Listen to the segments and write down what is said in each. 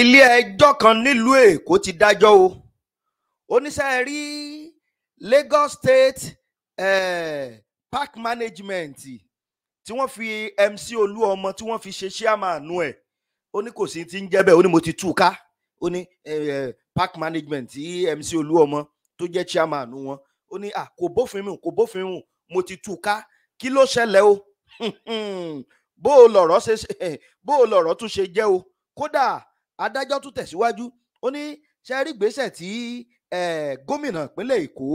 ilé-ẹjọ́ kan nílùú èkó ti dájọ́ o oníṣẹ́ rí Lagos State eh, Park Management tí wọ́n fi MC Olúọmọ tí wọ́n fi ṣe ṣíàmánu ẹ̀ ó ní kò sí ti ń jẹ́ bẹ́ẹ̀ ó ní mo ti tú ká ó ní eh, Park Management tí MC Olúọmọ tó jẹ́ ṣíàmánu wọn ó ní à kò bófin mu kò bófin mu mo ti tú u ká kí ló ṣẹlẹ̀ o bó o lọ̀rọ̀ tún ṣe jẹ́ o kódà adájọ́ tún tẹ̀síwájú ó ní ṣe rí gbèsè tí gómìnà ìpínlẹ̀ èkó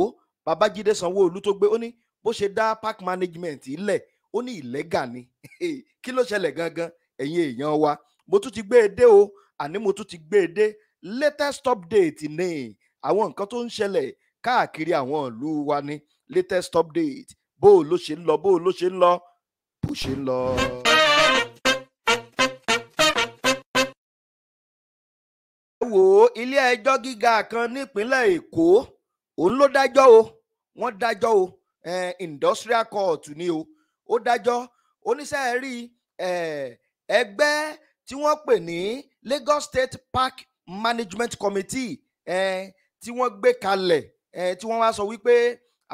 babájídé sanwóolu tó gbé ó ní bó ṣe dá park management ilẹ̀ ó ní ìlẹ́gà ni kí ló ṣẹlẹ̀ gangan ẹ̀yin èèyàn wa mo tún ti gbé e dé o àní mo tún ti gbé e dé latest update ni àwọn nǹkan tó ń ṣẹlẹ̀ káàkiri àwọn ìlú wa ni latest update bó o ló ṣe ń lọ bó o ló ṣe ń lọ bó o ṣe ń lọ. wò ó ilé-ẹjọ́ gíga kan nípínlẹ̀ Èkó òun ló dájọ́ o wọ́n dájọ́ o industrial court ni o ó dájọ́ oníṣẹ́ rí ẹgbẹ́ tí wọ́n pè ní Lagos State Park Management Committee tí wọ́n gbé kalẹ̀ tí wọ́n wá sọ wípé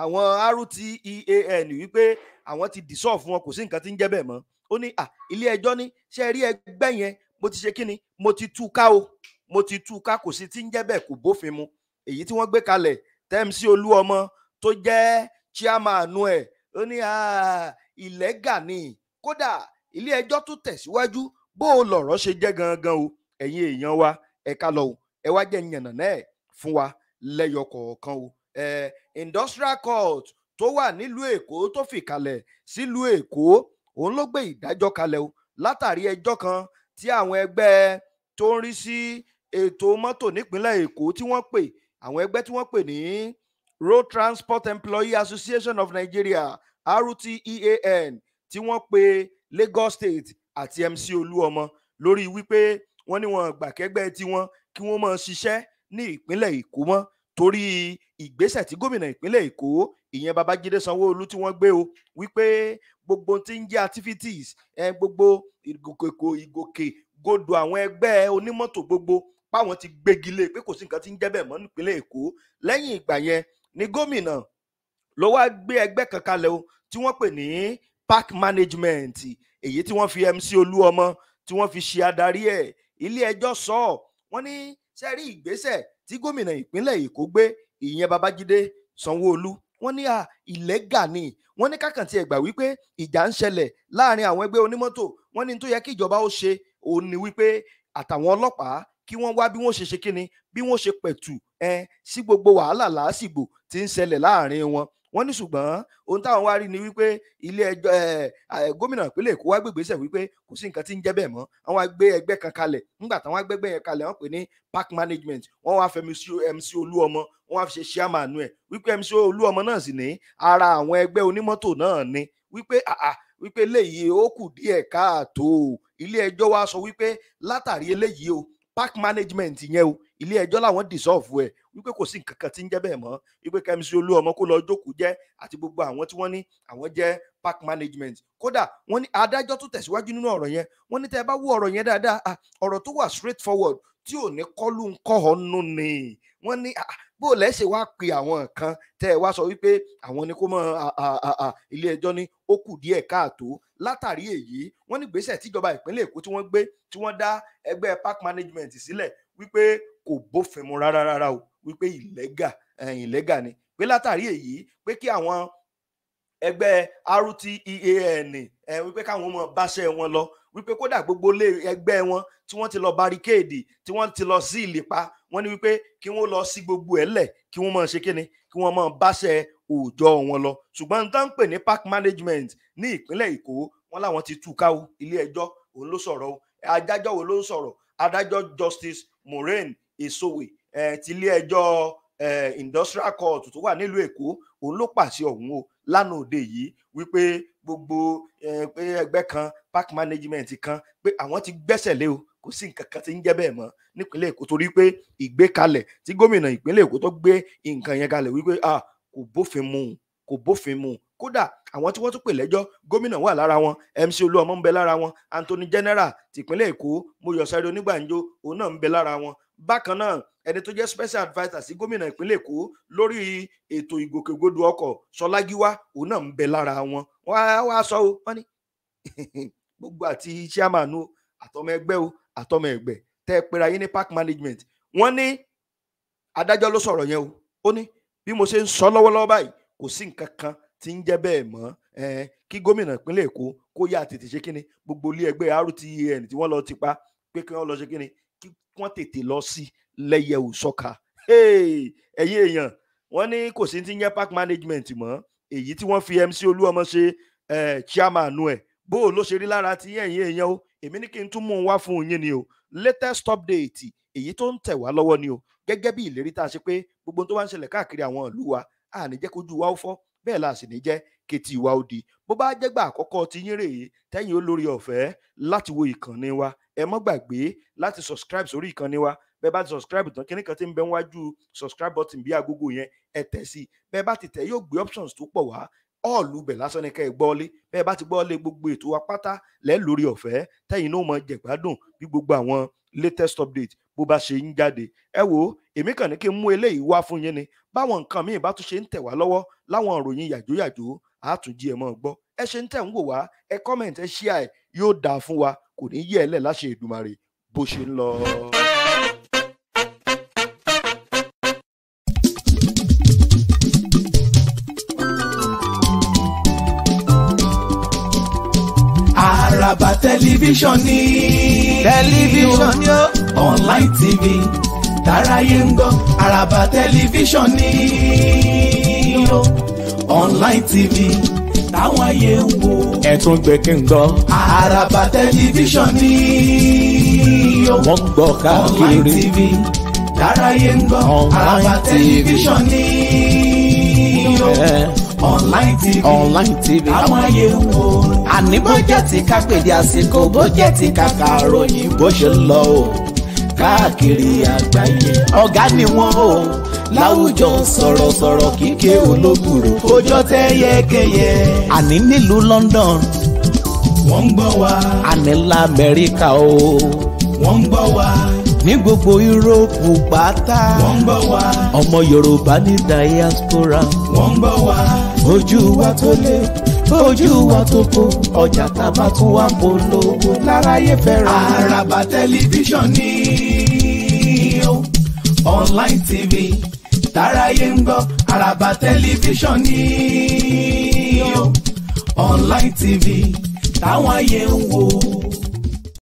àwọn RTEAN wípé àwọn ti dissolve wọn kò sí nǹkan tí ń jẹ́ bẹ́ẹ̀ mọ́ ó ní ilé ẹjọ́ ní ṣe rí ẹgbẹ́ yẹn mo ti ṣe kí ni mo ti tú ká o mo ti tú ká kò sí tí ń jẹ́ bẹ́ẹ̀ kò bófin mu èyí tí wọ́n gbé kalẹ̀ tẹ́mísì olúọmọ tó jẹ́ chairman ẹ̀ ó ní ìlẹ́gà ni kódà ilé ẹjọ́ tún tẹ̀síwájú bó o lọ̀rọ̀ ṣe jẹ́ gangan o ẹ̀yin èèyàn wa ẹ̀ka lọ o ẹ wá jẹ́ yànnà náà fún wa lẹ́yọ kọ̀ọ̀kan o industrial court tó wà nílùú èkó tó fìkalẹ̀ sílùú èkó òun ló gbé ìdájọ́ kalẹ̀ o látàrí ẹjọ́ kan tí àwọn ẹgbẹ́ tó ń rí sí ètò mọ́tò nípínlẹ̀ èkó tí wọ́n pè àwọn ẹgbẹ́ tí wọ́n pè ní road transport employee association of nigeria rtean tí wọ́n pè lagos state àti mc olúọmọ lórí wípé wọ́n ní wọn gbàkẹ́gbẹ́ tiwọn kí wọ́n máa ṣiṣẹ́ ní ìpínlẹ̀ èkó mọ́ torí ìgbésẹ̀ tí gómìnà ìpínlẹ̀ èkó ìyẹn babájídé sanwóolu tí wọ́n gbé o wípé gbogbo tí ń jẹ́ activities gbogbo ìgòkè godò àwọn ẹgbẹ́ onímọ́tò gbogbo páwọn ti gbégi lé e pé kò sí nǹkan tí ń jẹ́ mọ́ nípínlẹ̀ èkó lẹ́yìn ìgbà yẹn ni gómìnà ló wá gbé ẹgbẹ́ kan kalẹ̀ o tí wọ́n pè ní park management èyí tí wọ́n fi MC Olúọmọ tí wọ́n fi ṣe adarí ẹ̀ ilé ẹjọ́ sọ ọ́ wọ́n ní sẹ́rí ìgbésẹ̀ tí gómìnà ìpínlẹ̀ èkó gbé ìyẹn babájídé sanwóolu wọ́n ní à ìlẹ́gà ni wọ́n ní kákàntì ẹ̀gbà wípé ìjà ń ṣẹlẹ̀ láàrin àwọn ẹgbẹ́ onímọ́tò wọ́n ní tó yẹ kí ìjọba ó ṣe òun ni wípé àtàwọn ọlọ́pàá kí wọ́n wá bí wọ́n ṣe ṣe kíni bí wọ́n ṣe pẹ̀tù ẹ sí gbogbo wàhálà làásìgbò tí ń ṣẹlẹ̀ láàrin wọn wọ́n ní ṣùgbọ́n ohun táwọn wá rí ni wípé ilé ẹjọ́ gómìnà ìpínlẹ̀ èkó wá gbègbèsẹ̀ wípé kò sí nǹkan tí ń jẹ́ bẹ́ẹ̀ mọ́ àwọn wá gbé ẹgbẹ́ kan kalẹ̀ nígbà táwọn agbẹ́gbẹ́ yẹn kalẹ̀ wọ́n pè ní park management wọ́n wá fẹ́ MC Olúọmọ wọ́n wá fi ṣe chairman ẹ̀ wípé MC Olúọmọ náà sì ní ara àwọn ẹgbẹ́ onímọ́tò náà ni wípé àà wípé eléyìí ó kù díẹ̀ káàtó ilé ẹjọ́ wá sọ wípé látàrí eléyìí o park management yẹn o ilé ẹjọ́ làwọn dissolve ẹ̀ wípé kò sí nǹkan kan tí ń jẹ́ bẹ́ẹ̀ mọ́ wípé Kẹ́misí Olúọmọ kó lọ jókòó jẹ́ àti gbogbo àwọn tí wọ́n ní àwọn jẹ́ park management kódà wọ́n ní adájọ́ tó tẹ̀síwájú nínú ọ̀rọ̀ yẹn wọ́n ní tẹ́ ẹ bá wo ọ̀rọ̀ yẹn dáadáa ọ̀rọ̀ tó wà straight forward tí ò ní kọ́lù ń kọ́ ọ nù ni wọ́n ní bó lẹ́sẹ̀ wá pe àwọn nǹkan tẹ́ ẹ wá sọ wípé àwọn ni kó mọ ilé ẹjọ́ ní ó kù díẹ̀ káàtó látàrí èyí wọ́n ní gbèsè tíjọba ìpínlẹ̀ Èkó tí wọ́n gbé tí wọ́n dá ẹgbẹ́ park management sílẹ̀ wípé kò bófin mu rárá rárá o wípé ìlẹ́gà ìlẹ́gà ni pé látàrí èyí pé kí àwọn ẹgbẹ́ RTEAN wípé káwọn mọ báṣẹ́ wọn lọ wípé kódà gbogbo ilé ẹgbẹ́ wọn tí wọ́n ti lọ barricade tí wọ́n ti lọ sí ìlépa wọ́n ní wípé kí wọ́n lọ sí gbogbo ẹ̀ lẹ̀ kí wọ́n máa ṣe kíni kí wọ́n máa báṣẹ òòjọ́ wọn lọ ṣùgbọ́n nǹkan ń pè ní park management ní ìpínlẹ̀ Èkó wọ́n làwọn ti tú ká o ilé ẹjọ́ òun ló sọ̀rọ̀ o adájọ́ wo ló ń sọ̀rọ̀ adájọ́ justice Maureen Esowe eh, ti ilé ẹjọ́ eh, industrial court tó wà nílùú Èkó òun ló pàṣẹ ọ̀hún o lánàá òde yìí wípé gbogbo eh, eh, ẹgbẹ́ kan park management kan pé àwọn ti gbẹ́sẹ̀ lé o kò sí nǹkan kan tí ń jẹ́ bẹ́ẹ̀ mọ́ nípínlẹ̀ Èkó torí pé ìgbékalẹ̀ tí gómìnà ìpínlẹ̀ Èkó tó gbé nǹkan yẹn kalẹ̀ wípé ah kò bófin mu kò bófin mu kódà àwọn tí wọ́n tún pè lẹ́jọ́ gómìnà wà lára wọn MC Olúọmọ ń bẹ lára wọn Anthony General tìpínlẹ̀ Èkó Mọ́yọ̀ Sáré Onígbànjọ òun náà ń bẹ lára wọn bákan náà ẹni tó jẹ́ special adviser sí gómìnà ìpínlẹ̀ Èkó lórí ètò ìgbòkègbodò ọkọ̀ Ṣọlágíwá òun náà ń bẹ lára wọn wọ́n á wá sọ o wọ́n ní gbogbo àti chairman o àtọmọ ẹgbẹ́ o àtọmọ ẹgbẹ́ tẹ́ ẹ pera yín ní park management wọ́n ní adájọ́ ló sọ̀rọ̀ yẹn o ó ní bí mo ṣe ń sọ lọ́wọ́lọ́wọ́ báyìí kò sí nǹkan kan tí ń jẹ́ bẹ́ẹ̀ mọ́ kí gómìnà ìpínlẹ̀ èkó kó yá tètè ṣe kíni gbogbo ilé ẹgbẹ́ rtan tí wọ́n lọ ti pa pé kí wọ́n lọ ṣe kíni kí wọ́n tètè lọ sí lẹ́yẹ òsọ́ka ẹ̀yin èèyàn wọ́n ní kò sí ti ń jẹ́ park management mọ́ èyí tí wọ́n fi mc olúọmọ ṣe chairman ẹ̀ bó o ló ṣe rí lára ti ẹ̀yin èèyàn o èmi ní kí n tún mú un wá fún yín ni o latest update èyí tó ń tẹ̀ wá lọ́wọ́ ni o gẹ́gẹ́ bí ìlérí tá a ṣe pé gbogbo tó bá ń ṣẹlẹ̀ káàkiri àwọn ìlú wa àní jẹ́ kójú wa ó fọ́ bẹ́ẹ̀ la sì ní jẹ́ kétí wa ó di bó bá jẹ́gbà àkọ́kọ́ ti yín rèé tẹ́yìn olórí ọ̀fẹ́ láti wo ìkànnì wa ẹ mọ́ gbàgbé láti subscribe sórí ìkànnì wa bẹ́ẹ̀ bá ti subscribe tán kíní kan tí ń bẹ wájú subscribe button bí agogo yẹn ẹ tẹ̀ sí bẹ́ẹ̀ bá ti tẹ̀ yóò gbé options tó pọ̀ wá ọ̀ọ́lù bẹ̀ lásán ni ká ẹ gbọ́lé bẹ́ẹ̀ bá ti gbọ́lé gbogbo ètò wa pátá lẹ́ lórí ọ̀fẹ́ tẹ́yìn náà mọ̀ jẹ̀gbádùn bí gbogbo àwọn latest update bó bá ṣe ń jáde ẹ wò èmi kàn ní kí n mú eléyìí wá fún yín ni báwọn nǹkan míì bá tún ṣe ń tẹ̀ wá lọ́wọ́ láwọn ìròyìn yàjóyàjó àtúnjí ẹ̀ mọ́ gbọ́ ẹ ṣe ń tẹ̀ ń wò wá ẹ comment ẹ share ẹ yóò dáa fún wa kò ní yẹ ẹ lẹ̀ láṣẹ Èdùmàrè bó ṣe ń lọ. Àràbà tẹlifíṣàn ni. tẹlifíṣàn ni ó online tv tàráyé ń gbọ́ àràbà tẹlifíṣàn ni o online tv táwọn ayé ń wo. ẹ̀tún gbẹ̀kẹ̀ ń gbọ́. àràbà tẹlifíṣàn ni o. wọ́n gbọ́ káàkiri. online tv tàráyé ń gbọ́ àràbà tẹlifíṣàn ni o. online tv online tv táwọn ayé ń wo. àní bó jẹ́ ti ká pèdé àsìkò bó jẹ́ ti ká kàròyìn bó ṣe lọ o káàkiri àgbáyé ọ̀gá ni wọ́n o láwùjọ sọ̀rọ̀sọ̀rọ̀ kíkẹ́ olóbùrò ojọ́ tẹ́ yẹ́kẹ́yẹ. àní nílùú London wọ́n ń gbọ́ wa. àní la Amẹ́ríkà o wọ́n ń gbọ́ wa ní gbogbo yúróòpù pátá. wọ́n ń gbọ́ wa. ọmọ yorùbá ní diaspora. wọ́n ń gbọ́ wa. ojú wa tó lé ojú wa tó kó ọjà tá a bá tún wá polówó láráyé fẹ́ràn. àràbà tẹlifíṣàn ni ó online tv táráyé ń gbọ́ àràbà tẹlifíṣàn ni ó online tv táwọn ayé ń wò.